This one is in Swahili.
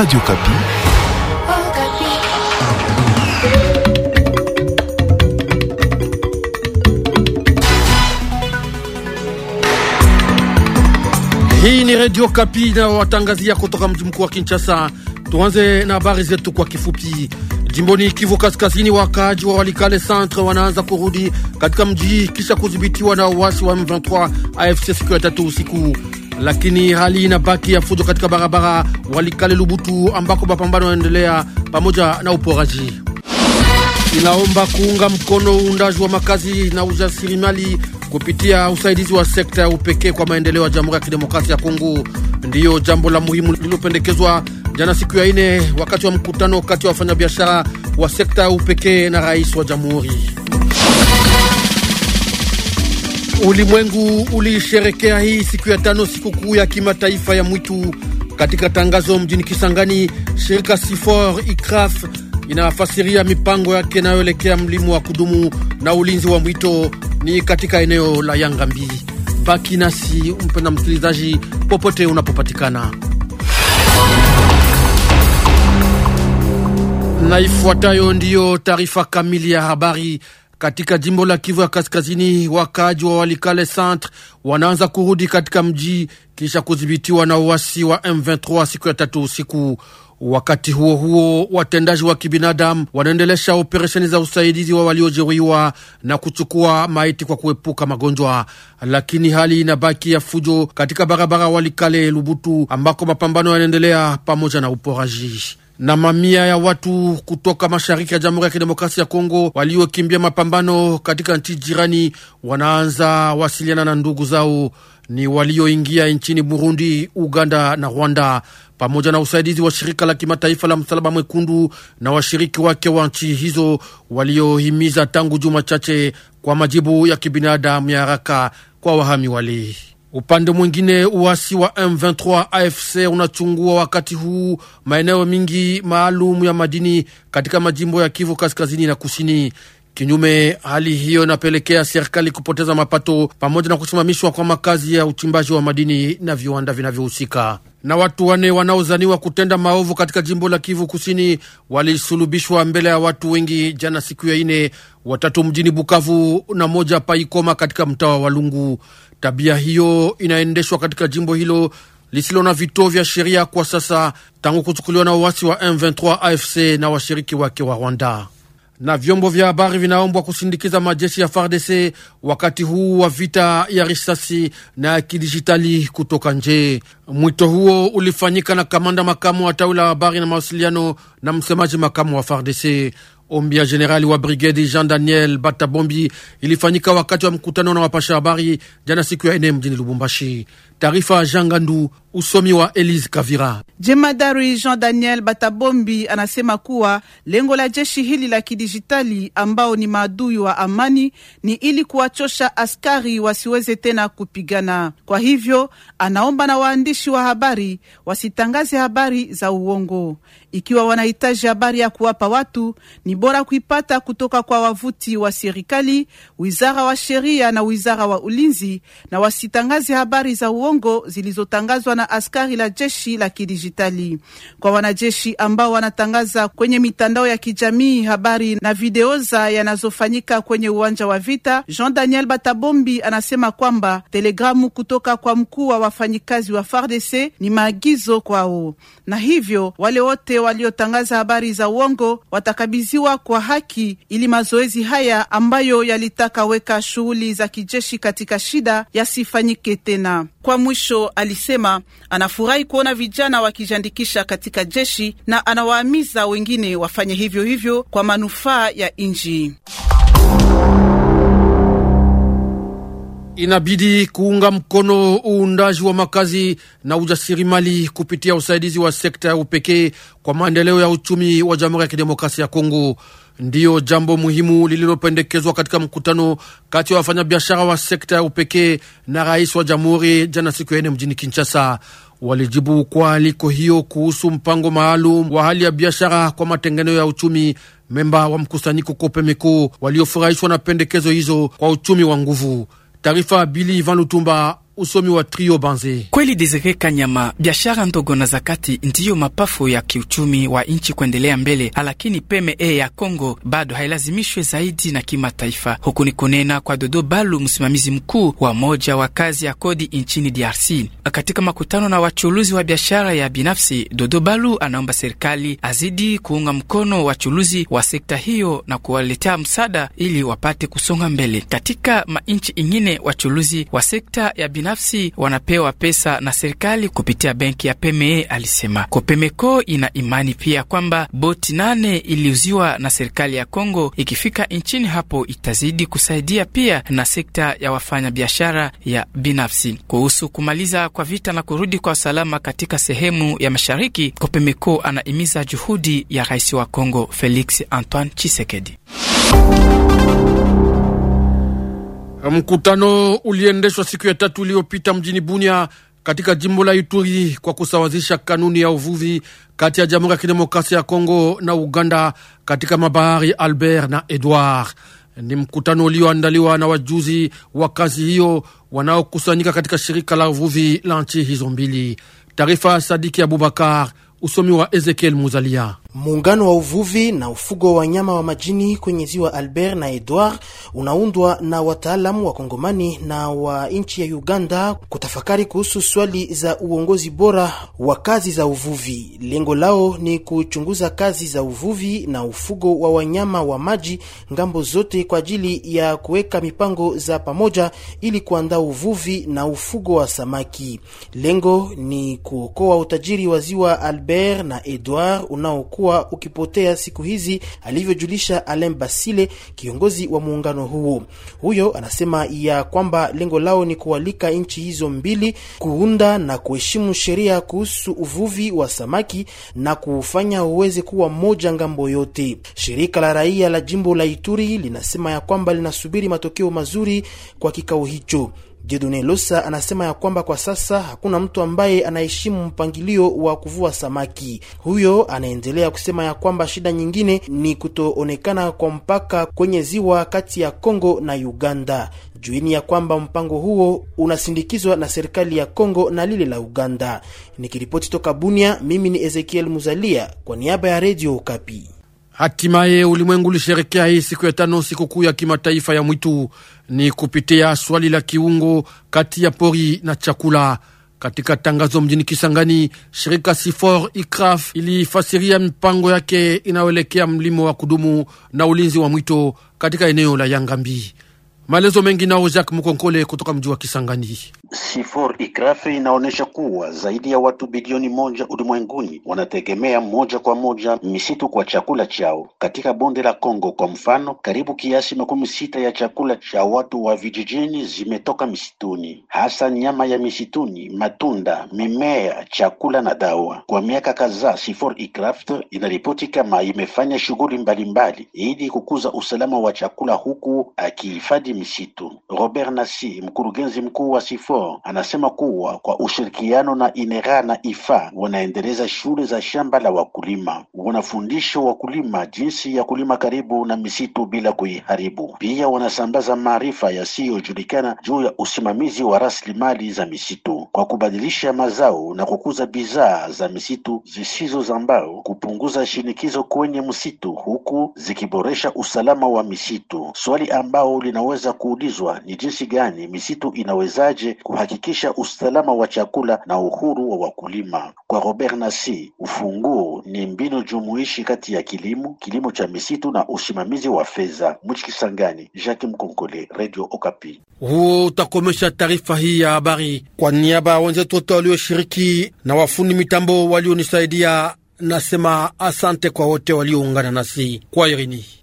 Radio Kapi. Hii ni Radio Kapi na watangazia kutoka mji mkuu wa Kinshasa. Tuanze na habari zetu kwa kifupi. Jimboni Kivu Kaskazini, wakaaji wa Walikale Centre wanaanza kurudi katika mji kisha kudhibitiwa na uasi wa M23 AFC siku ya tatu usiku lakini hali inabaki ya fujo katika barabara Walikale Lubutu, ambako mapambano yanaendelea pamoja na uporaji. Inaomba kuunga mkono uundaji wa makazi na ujasirimali kupitia usaidizi wa sekta ya upekee kwa maendeleo ya Jamhuri ya Kidemokrasia ya Kongo, ndiyo jambo la muhimu lililopendekezwa jana siku ya ine wakati wa mkutano kati ya wafanyabiashara wa sekta ya upekee na rais wa jamhuri. Ulimwengu ulisherekea hii siku ya tano sikukuu ya kimataifa ya mwitu. Katika tangazo mjini Kisangani, shirika Sifor Ikraf inafasiria mipango yake inayoelekea mlimu wa kudumu na ulinzi wa mwito ni katika eneo la Yangambi. Baki nasi mpenda msikilizaji, popote unapopatikana, na ifuatayo ndiyo taarifa kamili ya habari. Katika jimbo la Kivu ya Kaskazini, wakaaji wa Walikale Centre wanaanza kurudi katika mji kisha kudhibitiwa na uasi wa M23 siku ya tatu usiku. Wakati huo huo, watendaji wa kibinadamu wanaendelesha operesheni za usaidizi wa waliojeruhiwa na kuchukua maiti kwa kuepuka magonjwa, lakini hali inabaki ya fujo katika barabara Walikale Lubutu ambako mapambano yanaendelea pamoja na uporaji na mamia ya watu kutoka mashariki ya Jamhuri ya Kidemokrasia ya Kongo waliokimbia mapambano katika nchi jirani wanaanza wasiliana na ndugu zao ni walioingia nchini Burundi, Uganda na Rwanda, pamoja na usaidizi wa shirika la kimataifa la Msalaba Mwekundu na washiriki wake wa nchi hizo waliohimiza tangu juma chache kwa majibu ya kibinadamu ya haraka kwa wahami walii Upande mwingine uasi wa M23 AFC unachungua wakati huu maeneo mingi maalum ya madini katika majimbo ya Kivu kaskazini na kusini. Kinyume, hali hiyo inapelekea serikali kupoteza mapato pamoja na kusimamishwa kwa makazi ya uchimbaji wa madini na viwanda vinavyohusika na watu wane wanaozaniwa kutenda maovu katika jimbo la Kivu Kusini walisulubishwa mbele ya watu wengi jana siku ya ine, watatu mjini Bukavu na moja Paikoma katika mtaa wa Walungu. Tabia hiyo inaendeshwa katika jimbo hilo lisilo na vituo vya sheria kwa sasa tangu kuchukuliwa na uasi wa M23 AFC na washiriki wake wa Rwanda na vyombo vya habari vinaombwa kusindikiza majeshi ya FARDC wakati huu wa vita ya risasi na ya kidijitali kutoka nje. Mwito huo ulifanyika na kamanda makamu wa tawi la habari na mawasiliano na msemaji makamu wa FARDC. Ombi ya jenerali wa brigedi Jean Daniel Batabombi ilifanyika wakati wa mkutano na wapasha habari jana siku ya ene mjini Lubumbashi. Taarifa ya usomi wa Elise Kavira. Jemadari Jean Daniel Batabombi anasema kuwa lengo la jeshi hili la kidijitali ambao ni maadui wa amani ni ili kuwachosha askari wasiweze tena kupigana. Kwa hivyo anaomba na waandishi wa habari wasitangaze habari za uongo. Ikiwa wanahitaji habari ya kuwapa watu, ni bora kuipata kutoka kwa wavuti wa serikali, wizara wa sheria na wizara wa ulinzi, na wasitangaze habari za uongo Kongo zilizotangazwa na askari la jeshi la kidijitali. Kwa wanajeshi ambao wanatangaza kwenye mitandao ya kijamii habari na video za yanazofanyika kwenye uwanja wa vita, Jean Daniel Batabombi anasema kwamba telegramu kutoka kwa mkuu wa wafanyikazi wa FARDC ni maagizo kwao, na hivyo wale wote waliotangaza habari za uongo watakabidhiwa kwa haki, ili mazoezi haya ambayo yalitaka weka shughuli za kijeshi katika shida yasifanyike tena kwa mwisho alisema anafurahi kuona vijana wakijiandikisha katika jeshi na anawaamiza wengine wafanye hivyo hivyo kwa manufaa ya nchi. Inabidi kuunga mkono uundaji wa makazi na ujasirimali kupitia usaidizi wa sekta ya upekee kwa maendeleo ya uchumi wa Jamhuri ya Kidemokrasia ya Kongo ndiyo jambo muhimu lililopendekezwa katika mkutano kati ya wafanyabiashara wa sekta ya upekee na rais wa jamhuri jana siku ya nne mjini Kinshasa. Walijibu kwa aliko hiyo kuhusu mpango maalum wa hali ya biashara kwa matengeneo ya uchumi, memba wa mkusanyiko kope mikuu waliofurahishwa na pendekezo hizo kwa uchumi wa nguvu. Taarifa Bili Ivan Lutumba usomi wa Trio Banze. Kweli Desire Kanyama, biashara ndogo na zakati ndiyo mapafu ya kiuchumi wa nchi kuendelea mbele, lakini PME e ya Kongo bado hailazimishwe zaidi na kimataifa. Huku ni kunena kwa Dodo Balu, msimamizi mkuu wa moja wa kazi ya kodi nchini DRC. Katika makutano na wachuluzi wa biashara ya binafsi, Dodo Balu anaomba serikali azidi kuunga mkono wachuluzi wa sekta hiyo na kuwaletea msaada ili wapate kusonga mbele katika mainchi ingine. wachuluzi wa sekta ya binafsi binafsi wanapewa pesa na serikali kupitia benki ya PME, alisema. Kopemeko ina imani pia kwamba boti nane iliuziwa na serikali ya Kongo ikifika nchini hapo itazidi kusaidia pia na sekta ya wafanyabiashara ya binafsi. Kuhusu kumaliza kwa vita na kurudi kwa usalama katika sehemu ya mashariki, Kopemeko anaimiza juhudi ya rais wa Kongo Felix Antoine chisekedi Mkutano uliendeshwa siku ya tatu iliyopita mjini Bunia katika jimbo la Ituri kwa kusawazisha kanuni ya uvuvi kati ya Jamhuri ya Kidemokrasia ya Kongo na Uganda katika mabahari Albert na Edward. Ni mkutano ulioandaliwa na wajuzi wa kazi hiyo wanaokusanyika katika shirika la uvuvi la nchi hizo mbili. Taarifa ya Sadiki Abubakar, usomi wa Ezekiel Muzalia. Muungano wa uvuvi na ufugo wa wanyama wa majini kwenye ziwa Albert na Edward unaundwa na wataalamu wa Kongomani na wa nchi ya Uganda kutafakari kuhusu swali za uongozi bora wa kazi za uvuvi. Lengo lao ni kuchunguza kazi za uvuvi na ufugo wa wanyama wa maji ngambo zote kwa ajili ya kuweka mipango za pamoja ili kuandaa uvuvi na ufugo wa samaki. Lengo ni kuokoa utajiri wa ziwa Albert na Edward unao umekuwa ukipotea siku hizi, alivyojulisha Alain Basile, kiongozi wa muungano huo. Huyo anasema ya kwamba lengo lao ni kualika nchi hizo mbili kuunda na kuheshimu sheria kuhusu uvuvi wa samaki na kuufanya uweze kuwa moja ngambo yote. Shirika la raia la jimbo la Ituri linasema ya kwamba linasubiri matokeo mazuri kwa kikao hicho. Jedune Losa anasema ya kwamba kwa sasa hakuna mtu ambaye anaheshimu mpangilio wa kuvua samaki. Huyo anaendelea kusema ya kwamba shida nyingine ni kutoonekana kwa mpaka kwenye ziwa kati ya Kongo na Uganda. Jueni ya kwamba mpango huo unasindikizwa na serikali ya Kongo na lile la Uganda. Nikiripoti toka Bunia, mimi ni Ezekiel Muzalia kwa niaba ya redio Okapi. Hatimaye ulimwengu ulisherekea hii siku ya tano sikukuu ya kimataifa ya mwitu, ni kupitia swali la kiungo kati ya pori na chakula. Katika tangazo mjini Kisangani, shirika Sifor Ikraf ilifasiria mipango yake inayoelekea mlimo wa kudumu na ulinzi wa mwito katika eneo la Yangambi. Maelezo mengi nao Jacques Mkonkole kutoka mji wa Kisangani. Sifor Ikrafe inaonyesha kuwa zaidi ya watu bilioni moja ulimwenguni wanategemea moja kwa moja misitu kwa chakula chao. Katika bonde la Kongo kwa mfano, karibu kiasi makumi sita ya chakula cha watu wa vijijini zimetoka misituni, hasa nyama ya misituni, matunda, mimea, chakula na dawa. Kwa miaka kadhaa, Sifor Ikraft inaripoti kama imefanya shughuli mbalimbali ili kukuza usalama wa chakula, huku akihifadhi misitu. Robert Nasi, mkurugenzi mkuu wa SIFOR, anasema kuwa kwa ushirikiano na INERA na IFA wanaendeleza shule za shamba la wakulima, wanafundisha wakulima jinsi ya kulima karibu na misitu bila kuiharibu. Pia wanasambaza maarifa yasiyojulikana juu ya usimamizi wa rasilimali za misitu kwa kubadilisha mazao na kukuza bidhaa za misitu zisizo za mbao, kupunguza shinikizo kwenye msitu huku zikiboresha usalama wa misitu, swali ambao linaweza cha kuulizwa ni jinsi gani misitu inawezaje kuhakikisha usalama wa chakula na uhuru wa wakulima. Kwa Robert Nasi, ufunguo ni mbinu jumuishi kati ya kilimo, kilimo cha misitu na usimamizi wa fedha. Mchikisangani, Jacques Mkonkole, Radio Okapi. Huo utakomesha taarifa hii ya habari. Kwa niaba ya wenzetu wote walioshiriki na wafundi mitambo walionisaidia, nasema asante kwa wote walioungana nasi kwa irini.